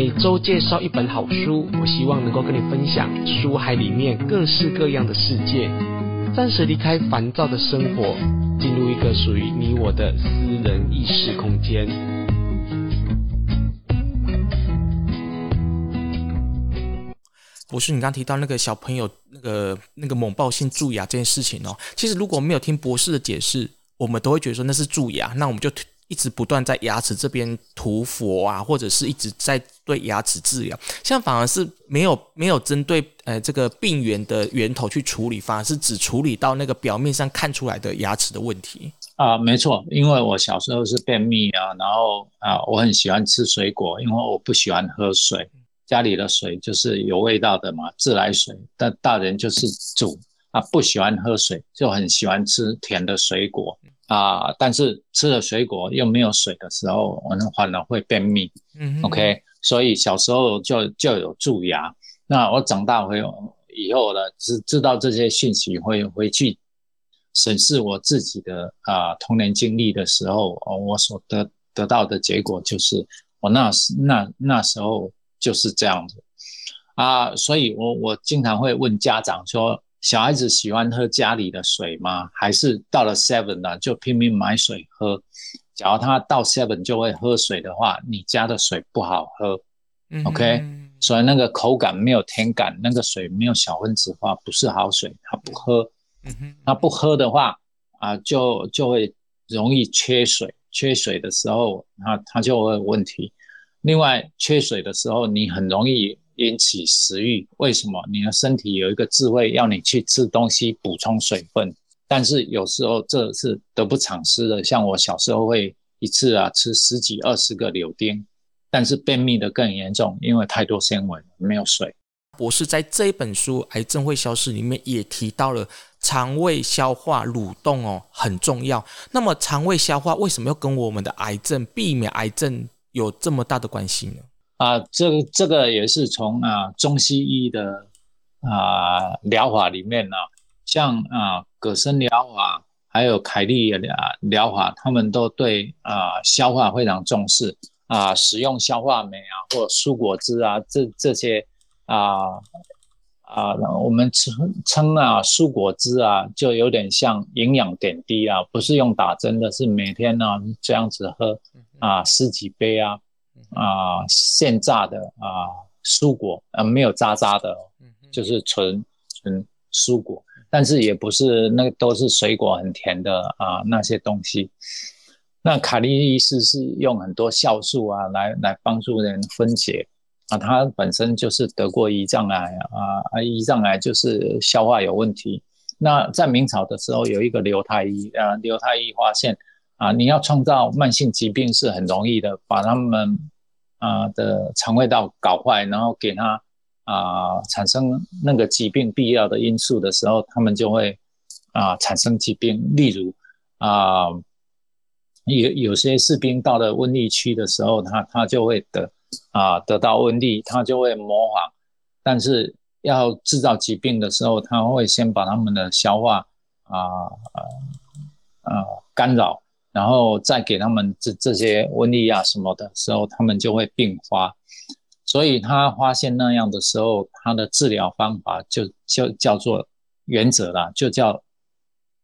每週介紹一本好書，我希望能夠跟你分享書海裡面各式各樣的世界。暫時離開煩躁的生活，進入一個屬於你我的私人意識空間。博士，你剛剛提到那個小朋友那個那個猛爆性蛀牙這件事情哦，其實如果沒有聽博士的解釋，我們都會覺得說那是蛀牙，那我們就。一直不斷在牙齒這邊塗氟啊，或者是一直在對牙齒治療，像反而是沒有沒有針對呃這個病源的源頭去處理，反而是只處理到那個表面上看出來的牙齒的問題啊、呃。沒錯，因為我小時候是便秘啊，然後啊、呃、我很喜歡吃水果，因為我不喜歡喝水，家裡的水就是有味道的嘛，自來水，但大人就是煮啊，不喜歡喝水，就很喜歡吃甜的水果。啊、呃，但是吃了水果又沒有水的時候，我那反而會便秘。嗯，OK，所以小時候就就有蛀牙。那我長大回以後呢，知知道這些訊息，會回去審視我自己的啊、呃、童年經歷的時候，呃、我所得得到的結果就是我、哦、那時那那時候就是這樣子啊、呃。所以我我經常會問家長說，小孩子喜歡喝家裡的水嗎？還是到了 seven 了、啊、就拼命買水喝？假如他到 seven 就會喝水的話，你家的水不好喝、mm -hmm.，OK？所以那個口感沒有甜感，那個水沒有小分子化，不是好水，他不喝。Mm -hmm. 他不喝的話啊、呃，就就會容易缺水。缺水的時候，他、啊、他就會有問題。另外，缺水的時候你很容易。引起食慾，為什麼你的身體有一個智慧要你去吃東西補充水分？但是有時候這是得不償失的。像我小時候會一次啊吃十幾二十個柳丁，但是便秘的更嚴重，因為太多纖維沒有水。博士在這一本書《癌症會消失》裡面也提到了腸胃消化蠕動哦很重要。那麼腸胃消化為什麼要跟我們的癌症、避免癌症有這麼大的關係呢？啊、呃，這個、這個也是從啊、呃、中西醫的啊療、呃、法裡面呢、啊，像啊、呃、葛森療法，還有凱利啊療法，他們都對啊、呃、消化非常重視啊、呃，使用消化酶啊，或蔬果汁啊，這這些啊啊、呃呃，我們稱稱啊蔬果汁啊，就有點像營養點滴啊，不是用打針的，是每天呢、啊、這樣子喝啊十、呃、幾杯啊。啊、呃，現榨的啊、呃，蔬果，啊、呃，沒有渣渣的，就是純純蔬果，但是也不是那個都是水果很甜的啊、呃、那些東西。那卡利醫師是用很多酵素啊來來幫助人分解，啊、呃，他本身就是得過胰臟癌啊、呃，胰臟癌就是消化有問題。那在明朝的時候有一個劉太醫，呃，劉太醫發現。啊，你要創造慢性疾病是很容易的，把他們啊的腸胃道搞壞，然後給他啊產生那個疾病必要的因素的時候，他們就會啊產生疾病。例如啊有有些士兵到了瘟疫區的時候，他他就會得啊得到瘟疫，他就會模仿。但是要製造疾病的時候，他會先把他們的消化啊啊干擾。然後再給他們這這些瘟疫啊什麼的時候，他們就會病發。所以他發現那樣的時候，他的治療方法就就叫做原則啦，就叫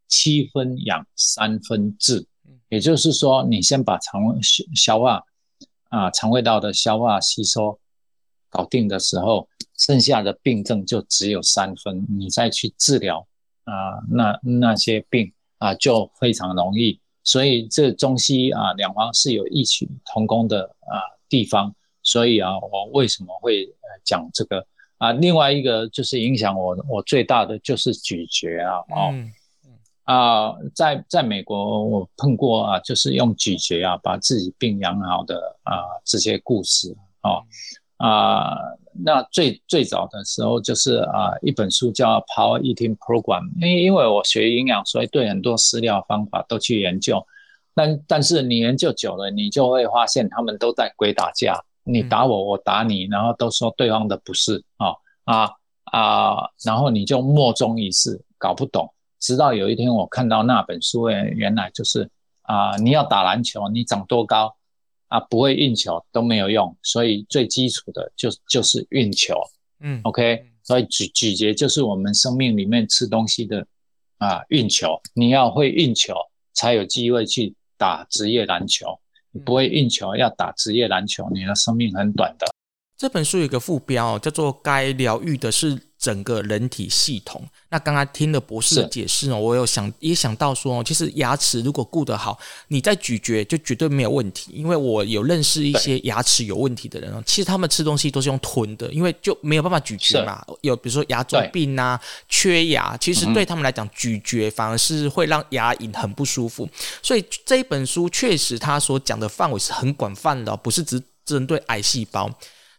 七分養三分治。也就是說，你先把腸胃消消化啊，腸胃道的消化吸收搞定的時候，剩下的病症就只有三分，你再去治療啊，那那些病啊就非常容易。所以這中西啊兩方是有異曲同工的啊地方，所以啊我為什麼會呃講這個啊？另外一個就是影響我我最大的就是咀嚼啊、哦嗯、啊，在在美國我碰過啊，就是用咀嚼啊把自己病養好的啊這些故事啊。嗯啊那最最早的時候就是啊、呃，一本書叫《Power Eating Program》，因因為我學營養，所以對很多食療方法都去研究。但但是你研究久了，你就會發現他們都在鬼打架，你打我，我打你，然後都說對方的不是、哦、啊啊啊，然後你就莫衷一是，搞不懂。直到有一天我看到那本書，哎，原來就是啊、呃，你要打籃球，你長多高？啊，不會運球都沒有用，所以最基礎的就就是運球。嗯，OK，所以咀咀嚼就是我們生命裡面吃東西的啊，運球，你要會運球才有機會去打職業籃球，嗯、你不會運球要打職業籃球，你的生命很短的。這本書有一個副標、哦、叫做《該療癒的是》。整個人體系統。那剛剛聽了博士的解釋呢，我有想也想到說其實牙齒如果顧得好，你在咀嚼就絕對沒有問題。因為我有認識一些牙齒有問題的人哦，其實他們吃東西都是用吞的，因為就沒有辦法咀嚼嘛。有比如說牙周病吶、啊、缺牙，其實對他們來講、嗯、咀嚼反而是會讓牙齦很不舒服。所以這一本書確實他所講的範圍是很廣泛的，不是只針對癌細胞。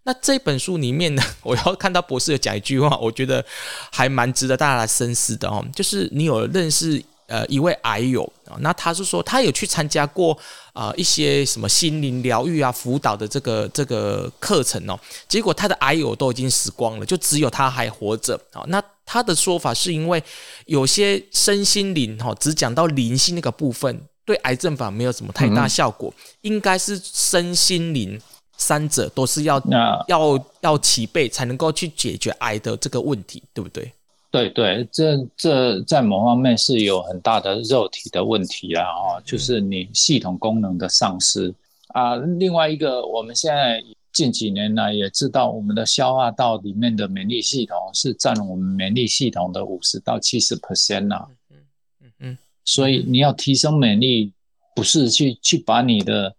那這本書裡面呢，我要看到博士有講一句話，我覺得還蠻值得大家來深思的哦。就是你有認識呃一位癌友啊，那他是說他有去參加過啊一些什麼心靈療癒啊輔導的這個這個課程哦，結果他的癌友都已經死光了，就只有他還活着啊。那他的說法是因為有些身心靈哈，只講到靈性那個部分，對癌症法沒有什麼太大效果，應該是身心靈。三者都是要要要齊備，才能夠去解決癌的這個問題，對不對？對對，這這在某方面是有很大的肉體的問題啦、哦。啊，就是你系統功能的喪失、嗯、啊。另外一個，我們現在近幾年來、啊、也知道，我們的消化道裡面的免疫系統是佔我們免疫系統的五十到七十 percent 啊。嗯嗯嗯，所以你要提升免疫力，不是去去把你的。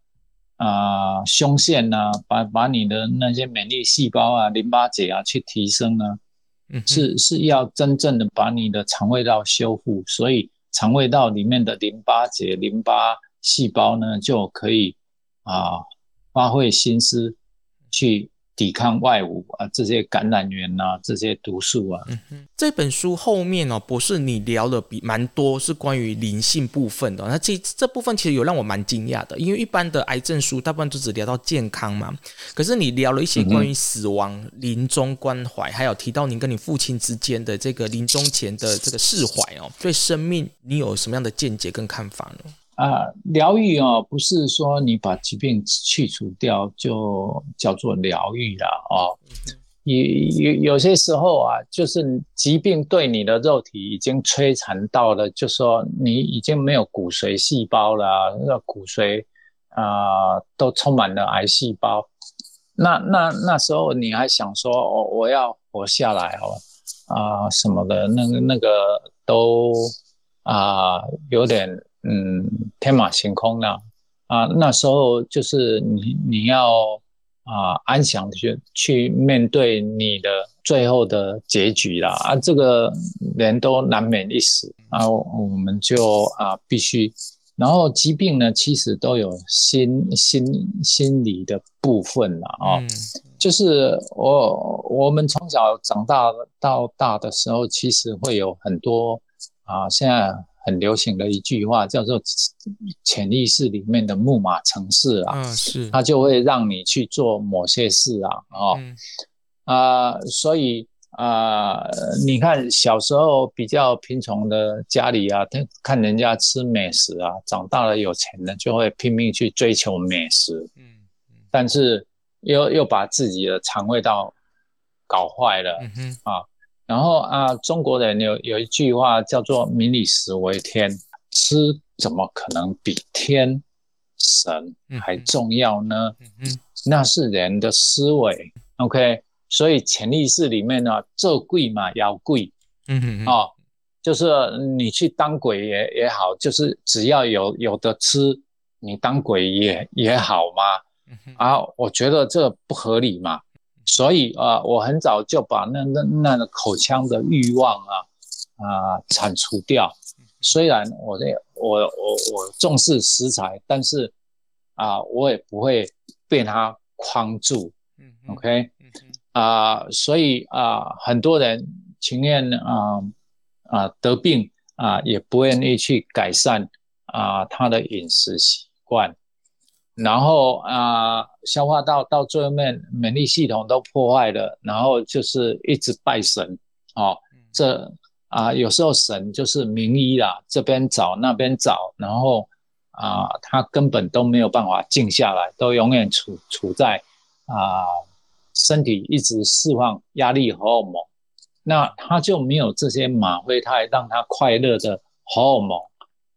啊、呃，胸腺吶、啊，把把你的那些免疫細胞啊、嗯、淋巴結啊去提升呢、啊，是是要真正的把你的腸胃道修復，所以腸胃道裡面的淋巴結、淋巴細胞呢就可以啊、呃、發揮心思去。抵抗外物啊，這些感染源吶、啊，這些毒素啊。嗯嗯。這本書後面哦，博士你聊的比蠻多，是關於靈性部分的、哦。那這這部分其實有讓我蠻驚訝的，因為一般的癌症書，大部分都只聊到健康嘛。可是你聊了一些關於死亡、嗯、臨終關懷，還有提到您跟你父親之間的這個臨終前的這個釋懷哦，對生命你有什麼樣的見解跟看法呢？啊、呃，療癒哦，不是說你把疾病去除掉就叫做療癒了哦。嗯、有有有些時候啊，就是疾病對你的肉體已經摧殘到了，就說你已經沒有骨髓細胞了，那個、骨髓啊、呃、都充滿了癌細胞。那那那時候你還想說，我、哦、我要活下來，好、哦、吧？啊、呃，什麼的，那個那個都啊、呃、有點。嗯，天馬行空啦。啊，那時候就是你你要啊安詳去去面對你的最後的結局啦。啊，這個人都難免一死啊，我們就啊必須，然後疾病呢其實都有心心心理的部分了啊、嗯，就是我我們從小長大到大的時候，其實會有很多啊現在。很流行的一句話叫做“潛意識裡面的木馬程式啊、哦，是，它就會讓你去做某些事啊，啊、哦、嗯、呃，所以啊、呃，你看小時候比較貧窮的家裡啊，他看人家吃美食啊，長大了有錢了就會拼命去追求美食，但是又又把自己的腸胃道搞壞了，啊、嗯。哦然後啊，中國人有有一句話叫做“民以食為天”，吃怎麼可能比天神還重要呢、嗯？那是人的思維、嗯。OK，所以潛意識裡面呢，這貴嘛要貴。嗯嗯啊、哦，就是你去當鬼也也好，就是只要有有的吃，你當鬼也、嗯、哼也好嘛。啊，我覺得這不合理嘛。所以啊、呃，我很早就把那那那個口腔的慾望啊啊、呃、鏟除掉。雖然我這，我我我重視食材，但是啊、呃，我也不會被它框住。嗯，OK，啊、嗯呃，所以啊、呃，很多人情願啊啊得病啊、呃，也不願意去改善啊、呃、他的飲食習慣。然後啊、呃，消化道到最後面，免疫系統都破壞了，然後就是一直拜神哦。這啊、呃，有時候神就是名醫啦，這邊找那邊找，然後啊，他、呃、根本都沒有辦法靜下來，都永遠處處在啊、呃，身體一直釋放壓力荷爾蒙，那他就沒有這些嗎啡肽讓他快樂的荷爾蒙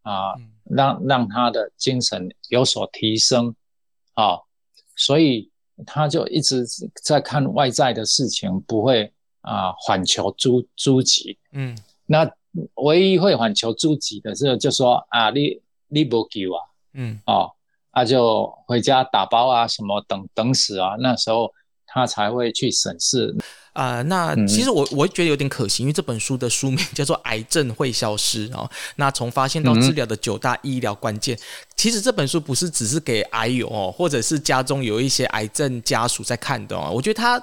啊。呃嗯讓讓他的精神有所提升，啊、哦，所以他就一直在看外在的事情，不會啊反、呃、求諸諸己，嗯，那唯一會反求諸己的就是，就是，就說啊你你不給我，嗯，哦，他、啊、就回家打包啊什麼等等死啊，那時候。他才會去審視啊、呃。那其實我我覺得有點可惜，因為這本書的書名叫做《癌症會消失》哦。那從發現到治療的九大醫療關鍵，其實這本書不是只是給癌友、哦、或者是家中有一些癌症家屬在看的哦。我覺得它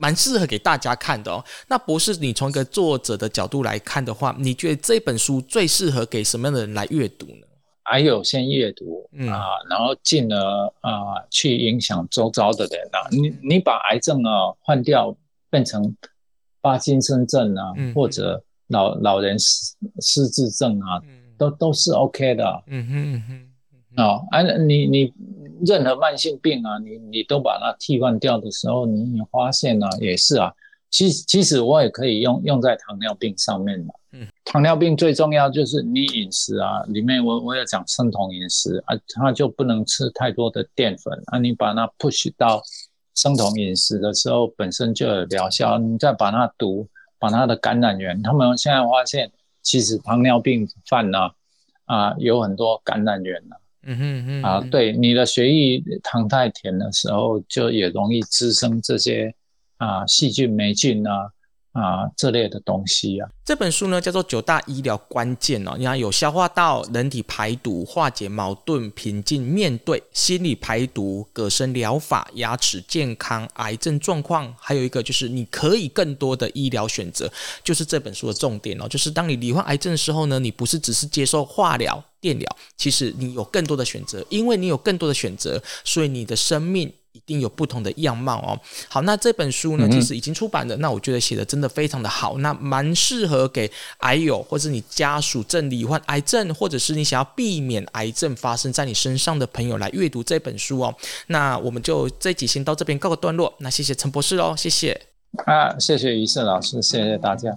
蠻適合給大家看的哦。那博士，你從一個作者的角度來看的話，你覺得這本書最適合給什麼樣的人來閱讀呢？還有先閱讀、嗯、啊，然後進而啊去影響周遭的人啊。你你把癌症啊換掉，變成巴金森症啊，嗯、或者老老人失失智症啊，嗯、都都是 OK 的。嗯哼哼、嗯嗯。啊，你你任何慢性病啊，你你都把它替換掉的時候，你你發現啊，也是啊。其實其實我也可以用用在糖尿病上面的。嗯。糖尿病最重要就是你飲食啊，裡面我我有講生酮飲食啊，它就不能吃太多的澱粉啊。你把它 push 到生酮飲食的時候，本身就有療效。你再把它毒，把它的感染源，他們現在發現其實糖尿病犯呢、啊，啊有很多感染源吶、啊。嗯哼哼。啊，對你的血液糖太甜的時候，就也容易滋生這些啊細菌黴菌吶、啊。啊，這類的東西啊，這本書呢叫做九大醫療關鍵哦。你看，有消化道、人體排毒、化解矛盾、平靜面對、心理排毒、葛森療法、牙齒健康、癌症狀況，還有一個就是你可以更多的醫療選擇，就是這本書的重點哦。就是當你罹患癌症的時候呢，你不是只是接受化療、電療，其實你有更多的選擇，因為你有更多的選擇，所以你的生命，一定有不同的樣貌哦。好，那這本書呢，其實已經出版了。嗯、那我覺得寫的真的非常的好，那蠻適合給癌友或者你家屬、正罹患癌症，或者是你想要避免癌症發生在你身上的朋友來閱讀這本書哦。那我們就這集先到這邊告個段落。那謝謝陳博士哦，謝謝。啊，謝謝宇色老師，謝謝大家。